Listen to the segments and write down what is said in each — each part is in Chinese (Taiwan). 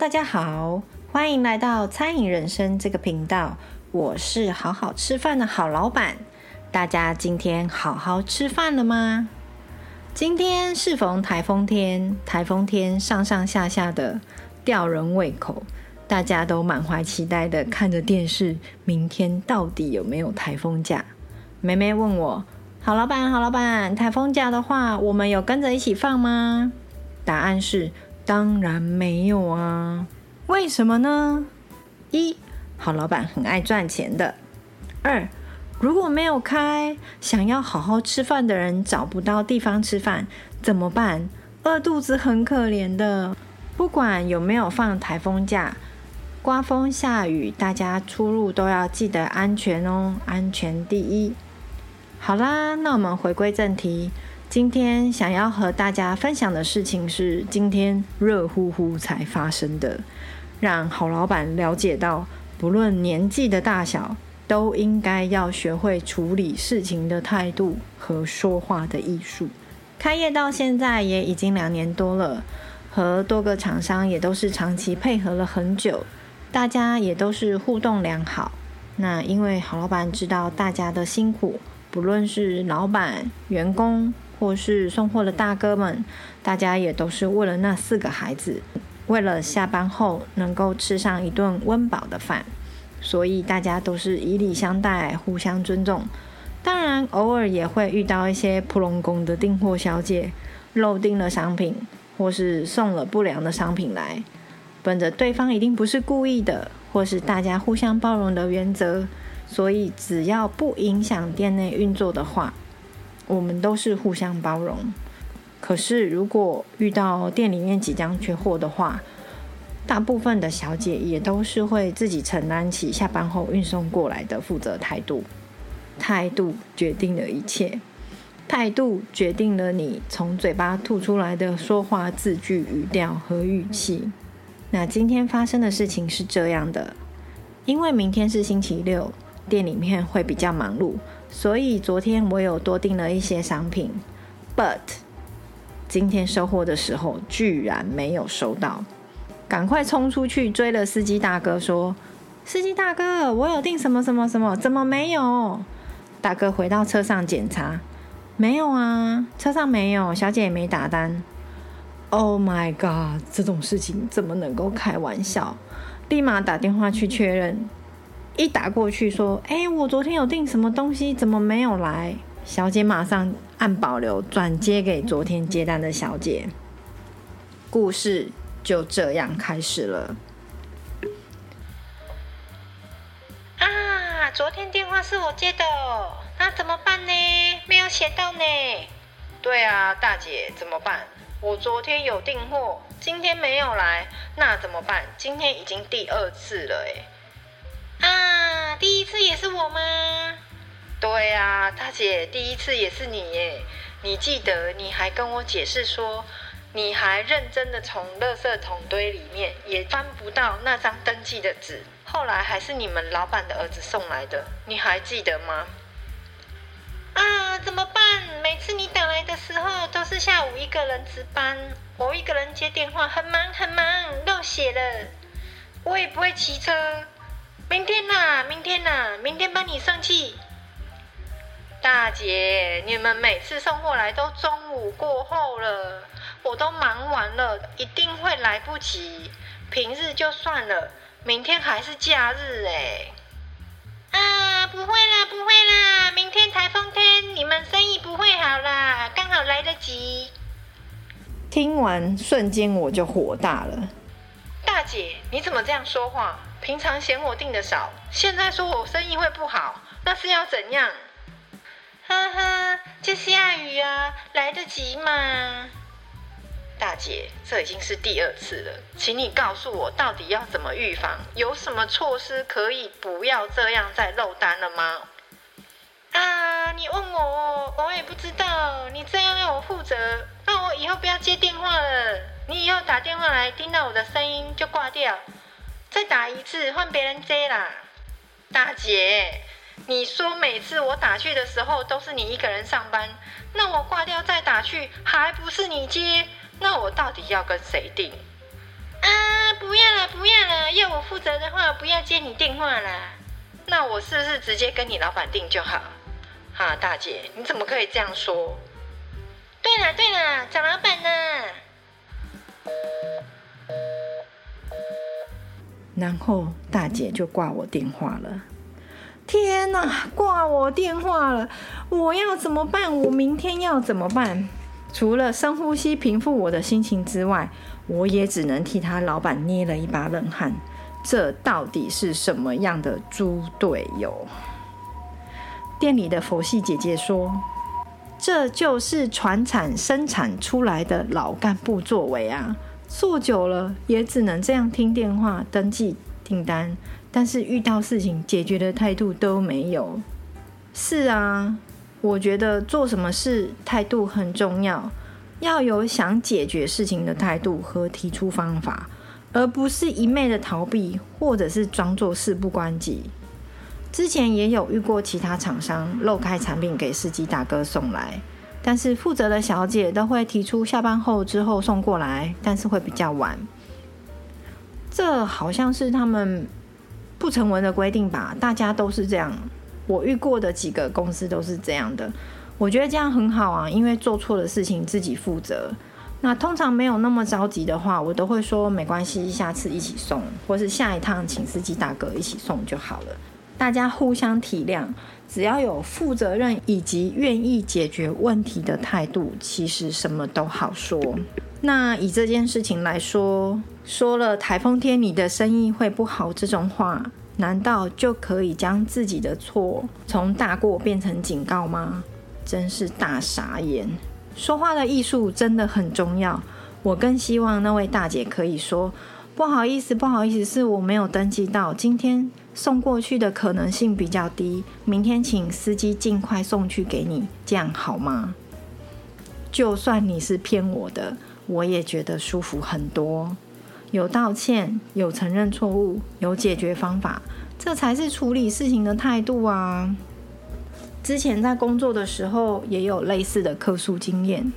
大家好，歡迎來到餐飲人生這個頻道。我是好好吃飯的好老板。大家今天好好吃飯了嗎？今天適逢颱風天，颱風天上上下下的吊人胃口，大家都滿懷期待的看着電視。明天到底有沒有颱風假？妹妹問我：“好老板，好老板，颱風假的話，我們有跟着一起放嗎？”答案是。當然沒有啊！為什麼呢？一，好老板很愛賺錢的；二，如果沒有開，想要好好吃飯的人找不到地方吃飯，怎麼辦？餓肚子很可憐的。不管有沒有放台風假，颳風下雨，大家出入都要記得安全哦，安全第一。好啦，那我們回歸正題。今天想要和大家分享的事情是，今天熱乎乎才發生的，讓好老闆了解到，不論年紀的大小，都應該要學會處理事情的態度和說話的藝術。開業到現在也已經兩年多了，和多個廠商也都是長期配合了很久，大家也都是互動良好。那因為好老闆知道大家的辛苦，不論是老闆、員工。或是送貨的大哥們，大家也都是為了那四個孩子，為了下班後能夠吃上一頓溫飽的飯，所以大家都是以禮相待，互相尊重。當然，偶爾也會遇到一些普龍宮的訂貨小姐漏訂了商品，或是送了不良的商品來。本着對方一定不是故意的，或是大家互相包容的原則，所以只要不影響店內運作的話。我們都是互相包容，可是如果遇到店裡面即將缺貨的話，大部分的小姐也都是會自己承擔起下班後運送過來的負責態度。態度決定了一切，態度決定了你從嘴巴吐出來的說話、字句、語調和語氣。那今天發生的事情是這樣的，因為明天是星期六，店裡面會比較忙碌。所以昨天我有多訂了一些商品，but，今天收貨的時候居然沒有收到，趕快衝出去追了司機大哥說：“司機大哥，我有訂什麼什麼什麼，怎麼沒有？”大哥回到車上檢查，沒有啊，車上沒有，小姐也沒打單。Oh my god，這種事情怎麼能夠開玩笑？立馬打電話去確認。一打過去說：“哎、欸，我昨天有訂什麼東西，怎麼沒有來？”小姐馬上按保留轉接給昨天接單的小姐。故事就這樣開始了。啊，昨天電話是我接的，那怎麼辦呢？沒有寫到呢。對啊，大姐，怎麼辦？我昨天有訂貨，今天沒有來，那怎麼辦？今天已經第二次了，誒。啊，第一次也是我嗎？對啊，大姐，第一次也是你耶。你記得，你還跟我解釋說，你還認真的從垃圾桶堆裡面也翻不到那張登記的紙，後來還是你們老闆的兒子送來的，你還記得嗎？啊，怎麼辦？每次你打來的時候都是下午一個人值班，我一個人接電話，很忙很忙，漏寫了，我也不會騎車。明天吶、啊，明天吶、啊，明天幫你送去。大姐，你們每次送貨來都中午過後了，我都忙完了，一定會來不及。平日就算了，明天還是假日哎、欸。啊，不會啦，不會啦，明天台風天，你們生意不會好啦，剛好來得及。聽完，瞬間我就火大了。大姐，你怎麼這樣說話？平常嫌我訂的少，現在說我生意會不好，那是要怎樣？哈哈，這下雨啊，來得及嗎？大姐，這已經是第二次了，請你告訴我到底要怎麼預防？有什麼措施可以不要這樣再漏單了嗎？啊，你問我，我也不知道。你這樣要我負責，那我以後不要接電話了。你以後打電話來，聽到我的聲音就掛掉。再打一次，換別人接啦，大姐。你說每次我打去的時候都是你一個人上班，那我掛掉再打去還不是你接？那我到底要跟誰定？啊，不要了，不要了，要我負責的話，不要接你電話啦。那我是不是直接跟你老闆定就好？哈、啊，大姐，你怎麼可以這樣說？對了對了，找老闆呢。然後大姐就掛我電話了，天哪，掛我電話了！我要怎麼辦？我明天要怎麼辦？除了深呼吸平復我的心情之外，我也只能替他老板捏了一把冷汗。這到底是什麼樣的豬隊友？店裡的佛系姐姐說：“這就是傳產生產出來的老幹部作為啊。”做久了也只能這樣聽電話、登記訂單，但是遇到事情解決的態度都沒有。是啊，我覺得做什麼事態度很重要，要有想解決事情的態度和提出方法，而不是一昧的逃避或者是裝作事不關己。之前也有遇過其他廠商漏開產品給司機大哥送來。但是負責的小姐都會提出下班後之後送過來，但是會比較晚。這好像是他們不成文的規定吧，大家都是這樣。我遇過的幾個公司都是這樣的，我覺得這樣很好啊，因為做錯的事情自己負責。那通常沒有那麼着急的話，我都會說沒關係，下次一起送，或是下一趟請司機大哥一起送就好了，大家互相體諒。只要有負責任以及願意解決問題的態度，其實什麼都好說。那以這件事情來說，說了颱風天你的生意會不好這種話，難道就可以將自己的錯從大過變成警告嗎？真是大傻眼！說話的藝術真的很重要。我更希望那位大姐可以說：“不好意思，不好意思，是我沒有登記到今天。”送過去的可能性比較低，明天請司機儘快送去給你，這樣好嗎？就算你是騙我的，我也覺得舒服很多。有道歉，有承認錯誤，有解決方法，這才是處理事情的態度啊。之前在工作的時候也有類似的客訴經驗。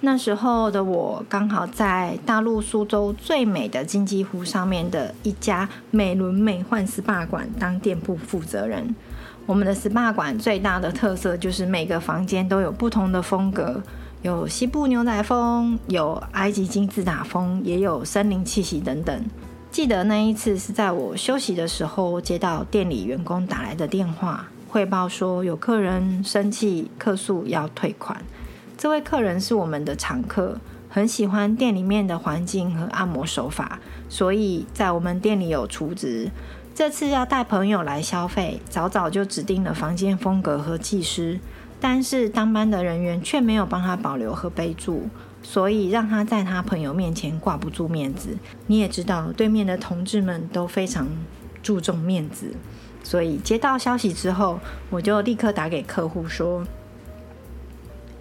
那時候的我剛好在大陸蘇州最美的金雞湖上面的一家美輪美奐 SPA 館當店鋪負責人。我們的 SPA 館最大的特色就是每個房間都有不同的風格，有西部牛仔風，有埃及金字塔風，也有森林氣息等等。記得那一次是在我休息的時候接到店裡員工打來的電話，匯報說有客人生氣，客訴要退款。這位客人是我們的常客，很喜歡店裡面的環境和按摩手法，所以在我們店裡有儲值。這次要帶朋友來消費，早早就指定了房間風格和技師，但是當班的人員卻沒有幫他保留和備注，所以讓他在他朋友面前掛不住面子。你也知道，對面的同志們都非常注重面子，所以接到消息之後，我就立刻打給客戶說。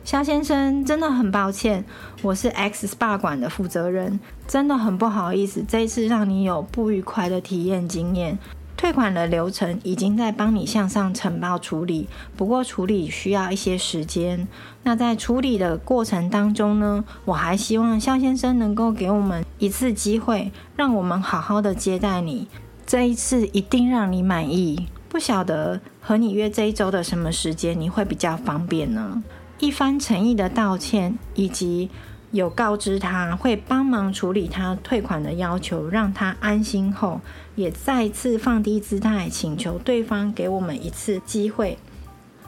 肖先生，真的很抱歉，我是 X SPA 館的負責人，真的很不好意思，這一次讓你有不愉快的體驗經驗。退款的流程已經在幫你向上呈報處理，不過處理需要一些時間。那在處理的過程當中呢，我還希望肖先生能夠給我們一次機會，讓我們好好的接待你，這一次一定讓你滿意。不曉得和你約這一周的什麼時間你會比較方便呢？一番誠意的道歉，以及有告知他會幫忙處理他退款的要求，讓他安心後，也再次放低姿態，請求對方給我們一次機會。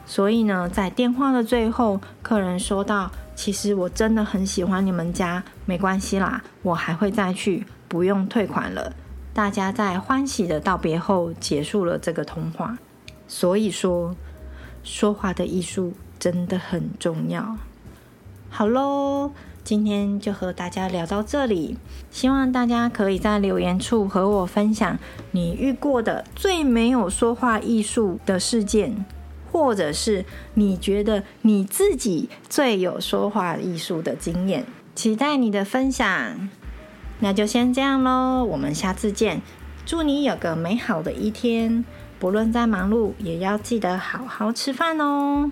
所以呢，在電話的最後，客人說道：“其實我真的很喜歡你們家，沒關係啦，我還會再去，不用退款了。”大家在歡喜的道別後，結束了這個通話。所以說，說話的藝術。真的很重要。好嘍，今天就和大家聊到這裡。希望大家可以在留言處和我分享你遇過的最沒有說話藝術的事件，或者是你覺得你自己最有說話藝術的經驗。期待你的分享。那就先這樣嘍，我們下次見。祝你有個美好的一天，不論再忙碌，也要記得好好吃飯哦。